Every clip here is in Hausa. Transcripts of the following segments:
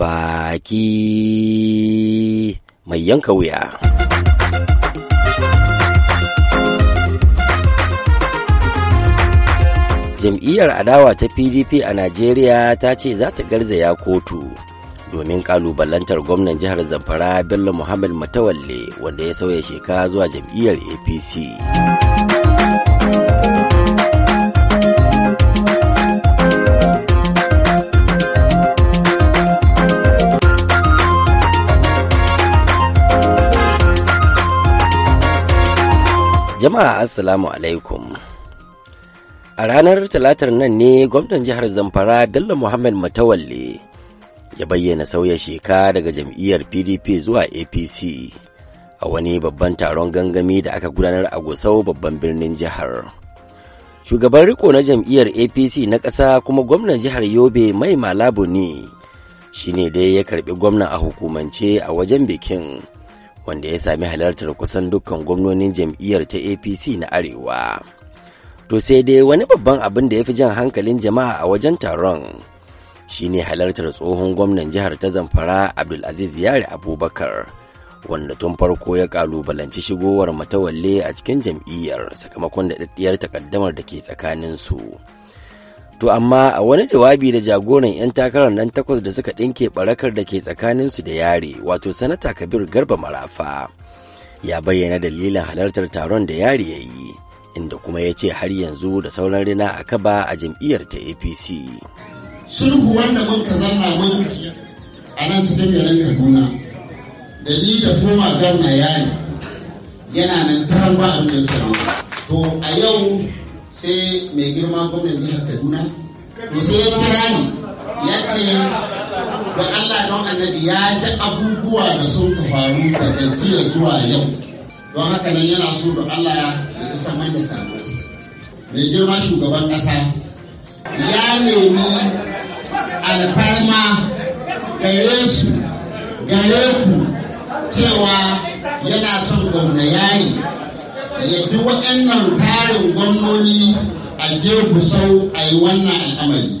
baki mai yanka wuya. Jam'iyyar adawa ta PDP a Najeriya ta ce za ta garzaya kotu domin ƙalubalantar gwamnan jihar Zamfara Bello Muhammad Matawalle wanda ya sauya sheka zuwa jam'iyyar APC. Jama'a Assalamu alaikum. A ranar talatar nan ne gwamnan jihar Zamfara Bello Muhammad Matawalle ya bayyana sauya sheka daga jam'iyyar PDP zuwa APC a wani babban taron gangami da aka gudanar a Gusau babban birnin jihar. Shugaban riko na jam'iyyar APC na ƙasa kuma gwamnan jihar Yobe Mai Malabu ne shi ne dai ya karɓi gwamna a hukumance a wajen bikin. wanda ya sami halartar kusan dukkan gwamnonin jam'iyyar ta apc na arewa to sai dai wani babban abin da ya fi jan hankalin jama'a a wajen taron shine halartar tsohon gwamnan jihar ta zamfara abdulaziz yare abubakar wanda tun farko ya kalubalanci shigowar matawalle a cikin jam'iyyar sakamakon da takaddamar da ke tsakaninsu. su To amma a wani jawabi da jagoran 'yan takarar nan takwas da suka ɗinke barakar da ke tsakaninsu da yare wato sanata Kabir Garba Marafa ya bayyana dalilin halartar taron da yare ya yi inda kuma ya ce har yanzu da sauran rina a kaba a jam'iyyar ta APC. Sulhu wanda mun ka zanna mun a nan cikin garin Kaduna da ni da Foma Garna yare yana nan taron ba To a yau sai mai girma gwamnan jihar kaduna to sai ya kira ya ce da allah don annabi ya ji abubuwa da sun faru daga jiya zuwa yau don haka nan yana so da allah ya isa da sabo mai girma shugaban ƙasa ya nemi alfarma gare su gare ku cewa yana son gwamna yari ya bi waɗannan tarin gwamnoni a je gusau a yi wannan al'amari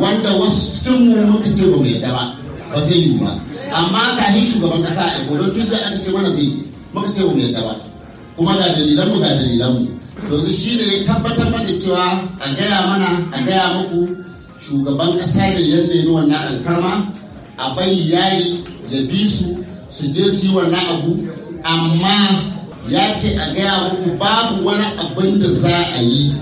wanda wasu cikin mu muka ce ba mai daba ba zai yi ba amma k'a yi shugaban kasa a gobe tun da aka ce mana zai muka ce ba mai daba kuma ga dalilan mu ga dalilan mu to shi ne ya tabbatar mana cewa a gaya mana a gaya muku shugaban kasa da ya nemi wannan alkarma a bari yari ya bi su su je su yi wannan abu amma ya ce a gaya muku babu wani abin da za a yi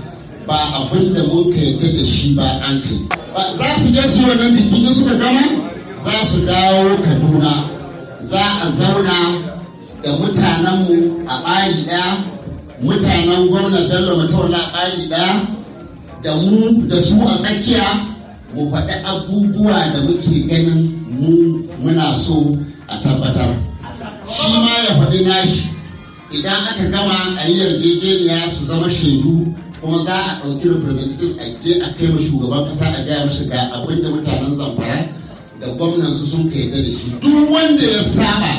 ba abin da mun ta da shi ba an kai za su je su wannan biki da suka gama za su dawo kaduna za a zauna da mutanenmu a ɓari ɗaya mutanen gwamnan bello mataula a ɓari ɗaya da mu da su a tsakiya mu faɗi abubuwa da muke ganin mu muna so a tabbatar shi ma ya faɗi nashi idan aka gama a yi yarjejeniya su zama shaidu kuma za a ɗauki representative a je a kai ma shugaban ƙasa a gaya mashi ga abin da mutanen zamfara da gwamnan su sun ka yarda da shi duk wanda ya saba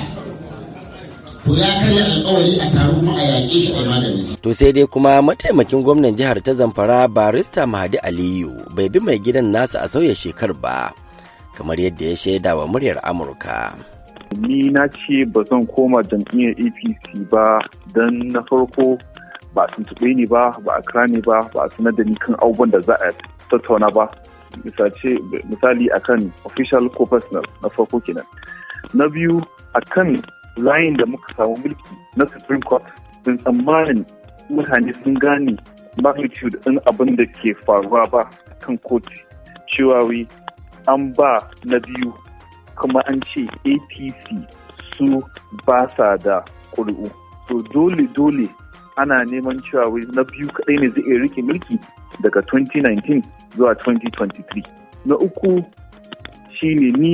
to ya karya alkawari a taru kuma a yaƙe shi a magani. To sai dai kuma mataimakin gwamnan jihar ta Zamfara barista Mahadi Aliyu bai bi mai gidan nasa a sauya shekar ba kamar yadda ya shaida wa muryar Amurka. ni na ce ba zan koma jam'iyyar apc ba don na farko ba a tuntuɓe ni ba ba a kira ni ba ba a sanar da ni kan abubuwan da za a tattauna ba misali akan official ko personal na farko kenan na biyu akan layin da muka samu mulki na supreme court sun tsammanin mutane sun gane magnitude in abin da ke faruwa ba kan kotu cewa an ba na biyu kuma an ce apc su ba sa da ƙuri'u to dole dole ana neman cewa wai na biyu kadai ne zai rike mulki daga 2019 zuwa 2023 na uku shi ne ni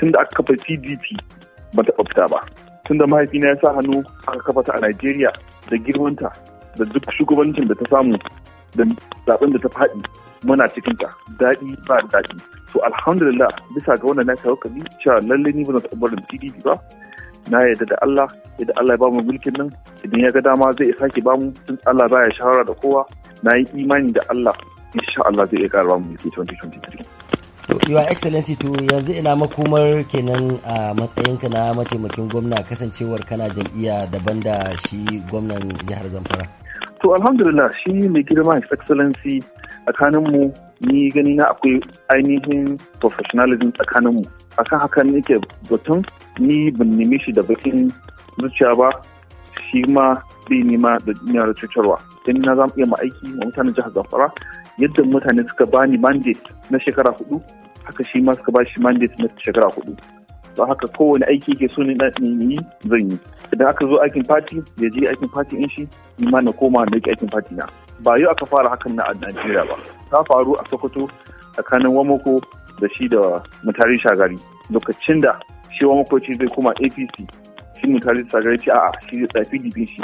tun da aka kafa pdp ba ta ɓafta ba tun da mahaifina ya sa hannu aka kafa ta a najeriya da girmanta da duk shugabancin da ta samu da zaben da ta faɗi muna cikin ta daɗi ba daɗi to alhamdulillah bisa ga wannan na tawakkali cewa lalle ni ba taɓa barin PDP ba na yadda da Allah yadda Allah ya bamu mulkin nan idan ya ga dama zai sake bamu tun Allah baya shawara da kowa na yi imani da Allah insha Allah zai iya ƙara bamu mulki 2023 Your Excellency to yanzu ina makomar kenan a matsayinka na mataimakin gwamna kasancewar kana jam'iyya daban da shi gwamnan jihar Zamfara. To alhamdulillah shi mai girma Excellency tsakaninmu ni gani na akwai ainihin professionalism tsakaninmu A akan haka nake batun ni ban nemi shi da bakin zuciya ba shi ma bai nema da duniya da cutarwa don na zamu iya ma'aiki ma mutanen jihar zamfara yadda mutane suka ba ni mandate na shekara hudu haka shi ma suka ba shi mandate na shekara hudu Ba haka kowane aiki ke so ne yi zan yi idan aka zo aikin fati ya je aikin fati in shi ni ma na koma na aikin fati na ba yau aka fara hakan na a Najeriya ba ta faru a Sokoto tsakanin Wamoko da shi da Mutari Shagari lokacin da shi Wamoko ce zai kuma APC shi Mutari Shagari ce a'a shi zai tsafi gibin shi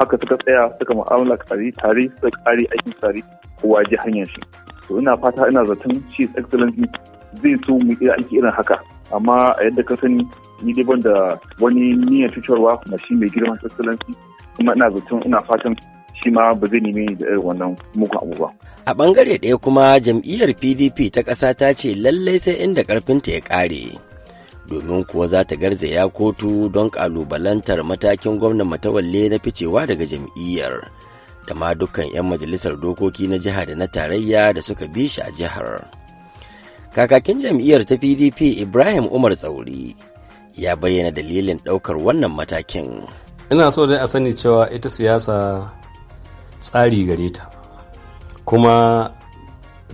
haka suka tsaya suka mu'amala tare tare suka kare aikin tsari kowa ji hanyar shi to ina fata ina zaton shi excellency zai so mu yi aiki irin haka amma a yadda ka sani ni dai ban da wani niyyar cutarwa na shi mai girma excellency kuma ina zaton ina fatan shi ma ba zai nemi da irin wannan mugun abu ba. A bangare ɗaya kuma jam'iyyar PDP ta ƙasa ta ce lallai sai inda ƙarfinta ya ƙare. Domin kuwa za ta garzaya kotu don ƙalubalantar matakin gwamnan matawalle na ficewa daga jam'iyyar. Da ma dukkan 'yan majalisar dokoki na jiha da na tarayya da suka bi shi a jihar. Kakakin jam'iyyar ta PDP Ibrahim Umar Tsauri ya bayyana dalilin ɗaukar wannan matakin. Ina so dai a sani cewa ita siyasa tsari gare ta kuma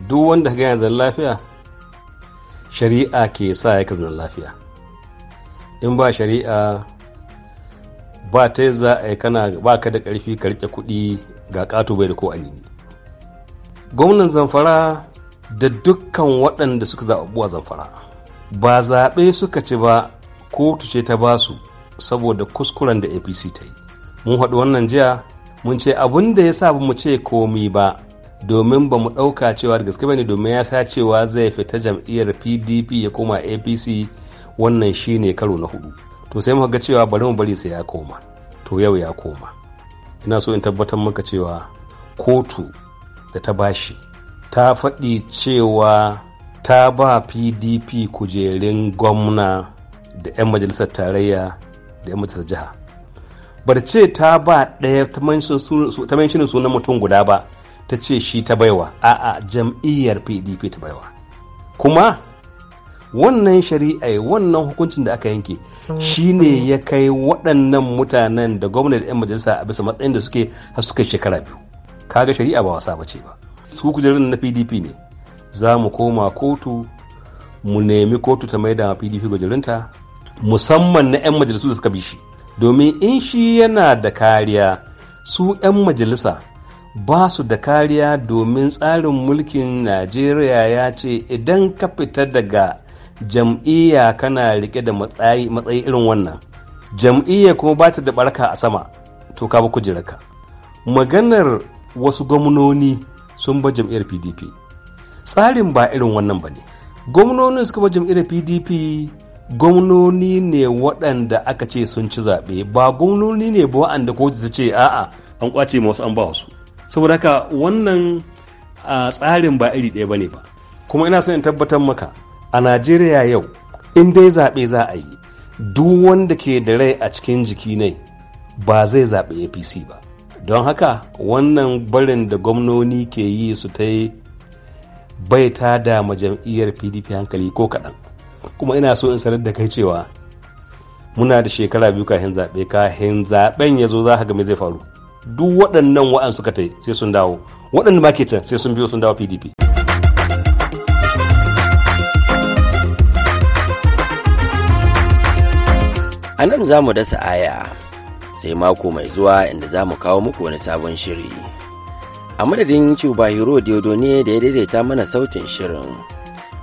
duk wanda ka gaya zan lafiya shari'a ke sa ya ka lafiya in ba shari'a ba ta za a yi kana ba ka da ƙarfi ka rike kuɗi ga ƙato bai da ko anini gwamnan zamfara da dukkan waɗanda suka zaɓuwa zamfara ba zaɓe suka ci ba kotu ce ta basu saboda kuskuren da apc ta yi mun haɗu wannan jiya mun ce abun da ya sa mu ce komi ba domin ba mu ɗauka cewa da gaske bane domin ya sa cewa zai fita jam'iyyar pdp ya koma apc wannan shine karo na hudu to sai muka ga cewa bari mu bari sai ya koma to yau ya koma ina so in tabbatar maka cewa kotu da ta bashi ta faɗi cewa ta ba pdp kujerin gwamna da 'yan majalisar tarayya da 'yan majalisar jiha bar ce ta ba ɗaya ta menshinin sunan mutum guda ba ta ce shi ta baiwa a'a jam'iyyar pdp ta baiwa kuma wannan shari'a wannan hukuncin da aka yanke shi ne ya kai waɗannan mutanen da gwamnati 'yan majalisa a bisa matsayin da suke suka shekara biyu kaga shari'a ba wasa ba ce ba su kujerun na pdp ne za mu koma kotu mu nemi kotu ta maida pdp kujerunta musamman na 'yan majalisu da suka bi shi domin in shi yana da kariya su 'yan majalisa ba su da kariya domin tsarin mulkin najeriya ya ce idan ka fita daga jam'iyya kana rike da matsayi irin wannan jam'iyya kuma ba ta da barka a sama to ka jiraka maganar wasu gwamnoni sun ba jam'iyyar pdp tsarin ba irin wannan ba ne gwamnonin suka ba jam'iyyar pdp gwamnoni ne waɗanda aka ce sun ci zaɓe ba gwamnoni ne ba waɗanda kotu su ce a'a an kwace masu an ba wasu saboda haka wannan tsarin ba iri ɗaya bane ba kuma ina son in tabbatar maka a najeriya yau in dai zaɓe za a yi duk wanda ke da rai a cikin jiki ne ba zai zaɓe apc ba don haka wannan barin da gwamnoni ke yi su ta yi bai ta da majam'iyyar pdp hankali ko kaɗan kuma ina so in sanar da kai cewa muna da shekara biyu kafin zaɓe kafin zaɓen ya zo za ka ga me zai faru duk waɗannan wa'an suka tai sai sun dawo waɗanda ma ke can sai sun biyo sun dawo pdp a nan za mu dasa aya sai mako mai zuwa inda za mu kawo muku wani sabon shiri a madadin cuba hero ne da ya daidaita mana sautin shirin